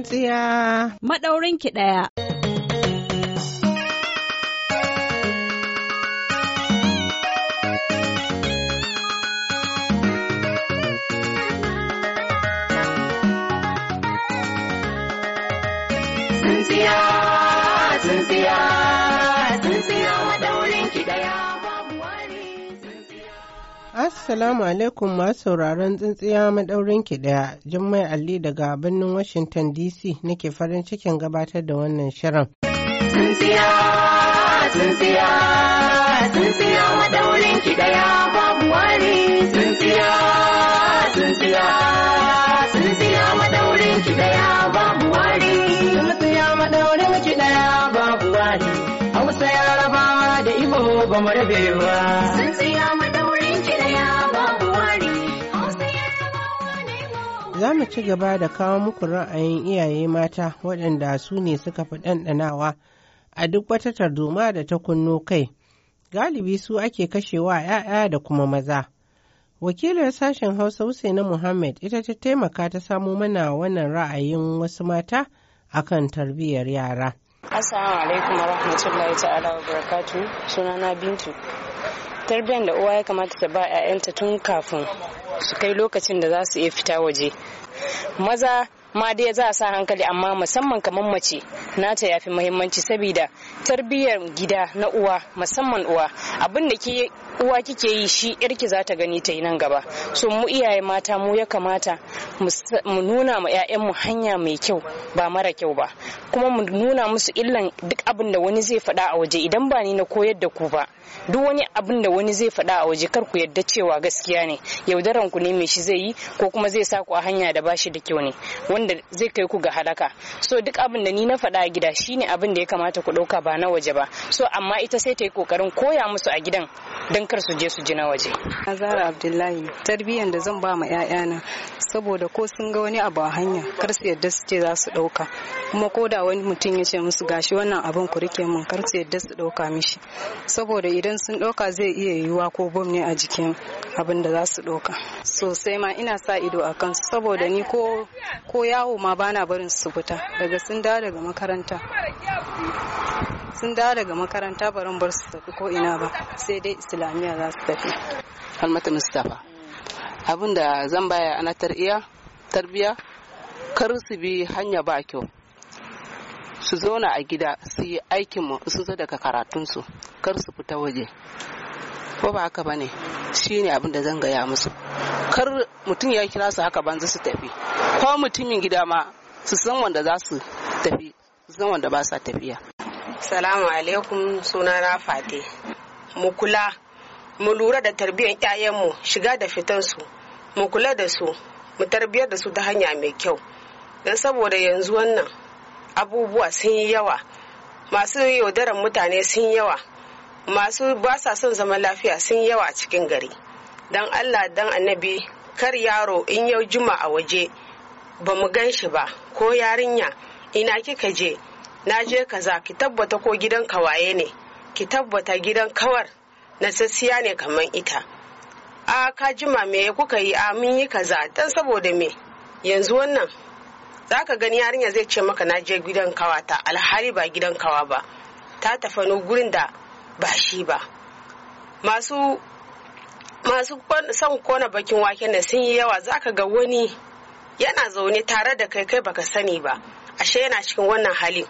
Auren tsiya. Maɗaurin ki ɗaya. Tsintsiya, tsintsiya, tsintsiya. Assalamu alaikum masu sauraron tsintsiya madaurin ki daya Jummai Ali daga birnin Washington DC nake farin cikin gabatar da wannan shirin. Tsintsiya, tsintsiya, tsintsiya madaurin ki daya babu wani tsintsiya, tsintsiya, tsintsiya madaurin ki daya babu wani. Tsintsiya madaurin ki daya babu wani. Hausa raba da Ibo ba mu rabe ba. Tsintsiya Za mu ci gaba da kawo muku ra'ayin iyaye mata waɗanda su ne suka fi ɗanɗanawa a duk wata tarduma da ta kunno kai. Galibi su ake kashewa ‘ya'ya da kuma maza. Wakilar sashen Hausa Husaina Muhammad ita ta taimaka ta samo mana wannan ra'ayin wasu mata a kan tarbiyyar yara. Assalamu alaikum wa rahmatullahi ta'ala wa barakatu sunana Bintu. Tarbiyyar da uwa ya kamata ta ba 'ya'yanta tun kafin su kai lokacin da za su iya fita waje maza ma dai za a sa hankali amma musamman kamar mace na ta yafi muhimmanci saboda tarbiyyar gida na uwa musamman uwa abin da ke uwa kike yi shi yarki za ta gani ta yi nan gaba so mu iyaye mata mu ya kamata mu nuna ma mu hanya mai kyau ba mara kyau ba kuma mu nuna musu illan duk abin da wani zai faɗa a waje idan ba ni na koyar da ku ba duk wani abin da wani zai faɗa a waje kar ku yarda cewa gaskiya ne yaudaran ku ne mai shi zai yi ko kuma zai sa ku a hanya da bashi da kyau ne wanda zai kai ku ga halaka so duk abin da ni na faɗa a gida shine abin da ya kamata ku ɗauka ba na waje ba so amma ita sai ta yi kokarin koya musu a gidan don kar su je su ji na waje zara Abdullahi tarbiyyar da zan ba ma 'ya'yana saboda ko sun ga wani abu a hanya kar su yadda su ce za su ɗauka kuma ko da wani mutum ya ce musu gashi wannan abin ku rike min kar su yadda su ɗauka mishi saboda idan sun ɗauka zai iya yiwuwa ko bom ne a jikin abin da za su ɗauka sosai ma ina sa ido a kan saboda ni ko yawo ma bana barin su fita daga sun dawo daga makaranta sun dawo daga makaranta barin bar su tafi ko ina ba sai dai islamiyya za su tafi halmata mustapha abin da zan baya ana tarbiya tarbiya kar su bi hanya ba kyau su zauna a gida su yi aikin su zo daga karatunsu kar su fita waje ko ba haka bane shine abin da zan gaya musu kar mutum ya kira su haka banza su tafi ko mutumin gida ma su san wanda za su tafi su san wanda ba sa tafiya Salamu alaikum suna na fate. Mu kula, mu lura da tarbiyyar 'ya'yanmu shiga da fitansu, mu kula da su, mu tarbiyar da su ta hanya mai kyau. Don saboda yanzu wannan abubuwa sun yi yawa, masu yaudarar mutane sun yawa, masu ba sa son zama lafiya sun yawa a cikin gari. Don Allah don annabi kar yaro in yau juma a waje ba mu gan shi ba ko yarinya ina kika je na je kaza ki tabbata ko gidan kawaye ne ki tabbata gidan kawar na sassiya ne kamar ita a ka jima me kuka yi a mun yi kaza dan saboda me yanzu wannan zaka gani yarinya zai ce maka na je gidan kawata alhali ba gidan kawa ba ta tafano gurin da ba shi ba masu masu son kona bakin waken da sun yi yawa zaka ga wani yana zaune tare da kai kai baka sani ba ashe yana cikin wannan halin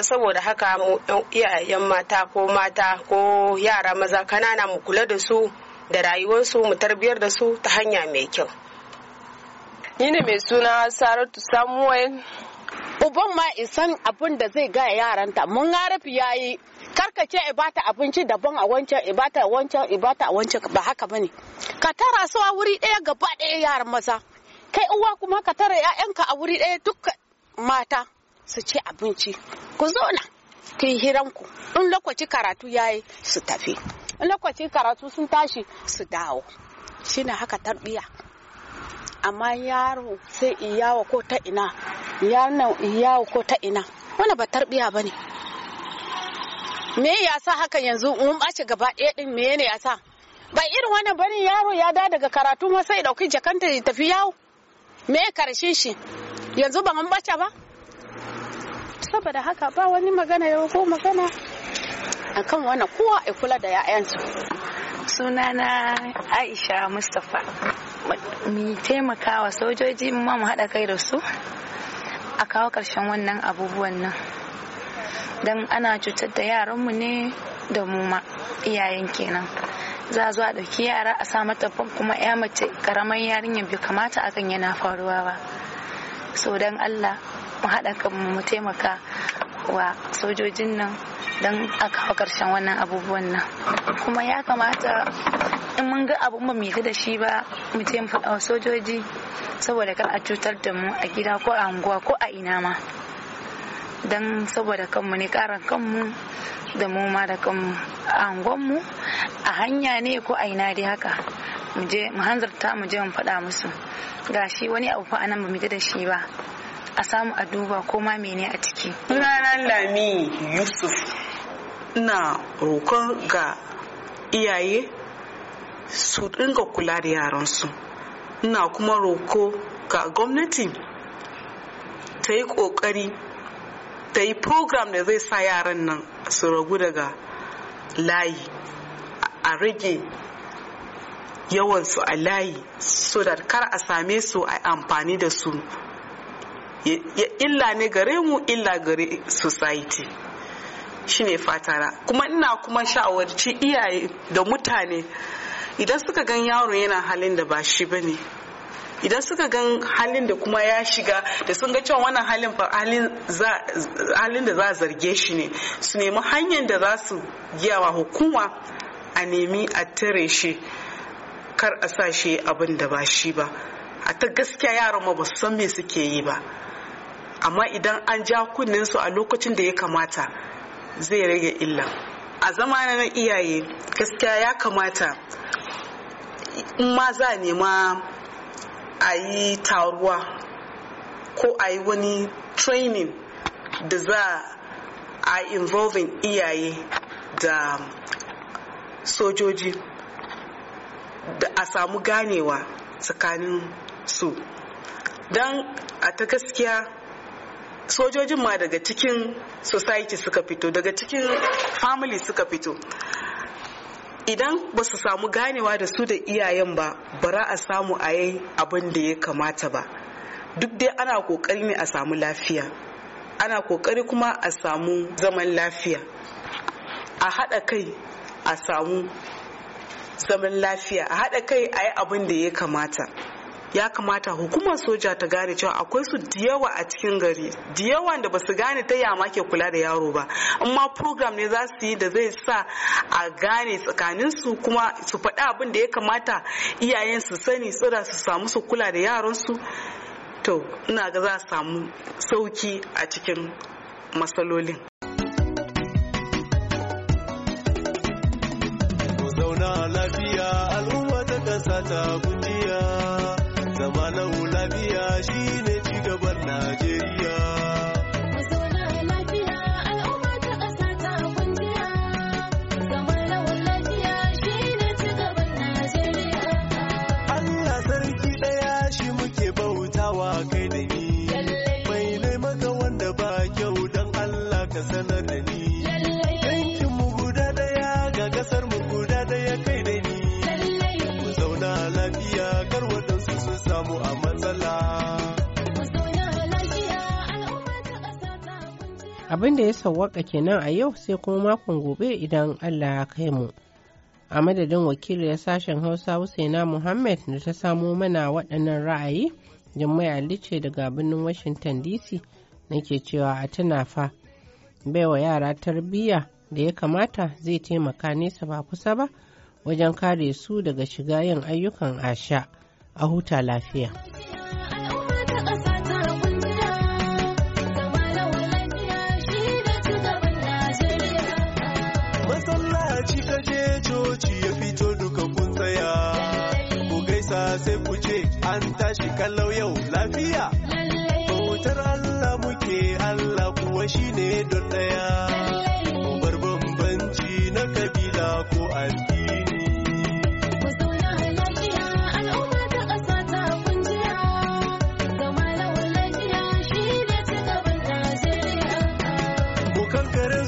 saboda haka mu iyayen mata ko mata ko yara maza kanana mu kula da su da rayuwarsu mu tarbiyar da su ta hanya mai kyau ni ne mai suna saratu samuel uban ma isan abin da zai gaya yaranta mun harafi yayi karkace bata abinci daban a wancan bata a wancan bata a wancan ba haka bane ka tara su a wuri ɗaya gaba ɗaya yaran maza kai uwa kuma ka tara 'ya'yanka a wuri ɗaya duk mata su ci abinci ku zo na ku yi hiranku in lokaci karatu ya yi su tafi in lokaci karatu sun tashi su dawo shine haka tarbiya amma yaro sai iyawa ko ta ina yaron iyawa ko ta ina wani ba tarbiya ba ne me ya sa haka yanzu mun ɓace gaba ɗaya ɗin me ne ya sa ba irin wannan bane yaro ya da daga karatu ma sai ɗauki jakanta ya tafi yawo me karshen shi yanzu ba mun ɓace ba saboda haka ba wani magana ya ko magana akan wani kowa ya kula da 'ya'yansu sunana aisha mustapha mu taimakawa sojoji ma mu haɗa kai da su a kawo ƙarshen wannan abubuwan nan don ana cutar da yaranmu ne da mu ma iyayen kenan za a zo a ɗauki yara a sa fam. kuma ya mace ƙaramin yarinyar bai kamata akan yana faruwa ba so don allah mu haɗa kan mu taimaka wa sojojin nan don a kawo ƙarshen wannan abubuwan nan kuma ya kamata in mun ga abun ba mu yi da shi ba mu je mu wa sojoji saboda kar a cutar da mu a gida ko a unguwa ko a ina ma don saboda kanmu ne karan kanmu da mu ma da kanmu a mu a hanya ne ko a ina dai haka mu je mu hanzarta mu je mu faɗa musu Ga shi wani abu fa anan ba mu da shi ba a samu a duba ko ma mene a ciki sunana lami yusuf ina roƙon ga iyaye su dinga kula da yaransu ina kuma roko ga gwamnati ta yi ƙoƙari ta yi program da zai sa yaran nan su ragu daga layi a rage yawansu a layi so da kar a same su a amfani da su illa ne gare mu illa gare society ne fatara kuma ina kuma sha'awarci iyaye da mutane idan suka gan yaro yana halin da ba shi ne idan suka gan halin da kuma ya shiga da sun ga cewa wannan halin fa halin da za a zarge shi ne su nemi hanyar da za su wa hukuma a nemi a tare shi kar a sa shi abin da ba shi ba a ta gaskiya yaran ma ba su san me suke yi ba amma idan an ja kunnen su a lokacin da ya kamata zai rage illa a zamanin iyaye gaskiya ya kamata in ma za a nema a yi taruwa ko a yi wani training da za a involving iyaye da sojoji da a samu ganewa tsakanin su don a ta gaskiya sojojin ma daga cikin society suka fito daga cikin family suka fito idan ba su samu ganewa da su da iyayen ba bara a samu a yi abin da ya kamata ba duk dai ana kokari ne a samu lafiya ana kokari kuma a samu zaman lafiya a haɗa kai a samu zaman lafiya a haɗa kai a yi abin da ya kamata ya kamata hukumar soja ta gane cewa akwai su da yawa a cikin gari da yawan da basu gane ta yama ke kula da yaro ba amma program ne za su yi da zai sa a gane tsakanin su kuma su faɗi abin da ya kamata iyayen su sani tsira su samu su kula da yaron su to ina ga za a samu sauki a cikin matsalolin kai da ni mai nai maka wanda ba kyau dan Allah ka sanar da ni yankin mu guda daya ga kasar mu guda daya kai da ni mu zauna lafiya kar wadansu sun samu a matsala abin da ya sawwaka kenan a yau sai kuma makon gobe idan Allah ya kai mu. A madadin wakiliyar sashen Hausa Husaina Muhammad da ta samo mana waɗannan ra'ayi Jummai Ali ce daga birnin Washington DC nake cewa a tuna fa baiwa yara tarbiyya da ya kamata zai taimaka nesa ba kusa ba wajen kare su daga shiga yin ayyukan asha a huta lafiya. sai ku ce an tashi kallau yau lafiya bautar Allah muke Allah kuwa ne don daya bar bambanci na kabila ko addini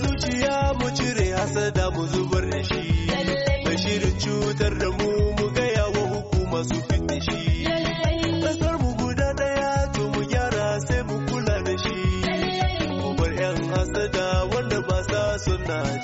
zuciya mu cire hasada mu zubar da shi shirin cutar touch.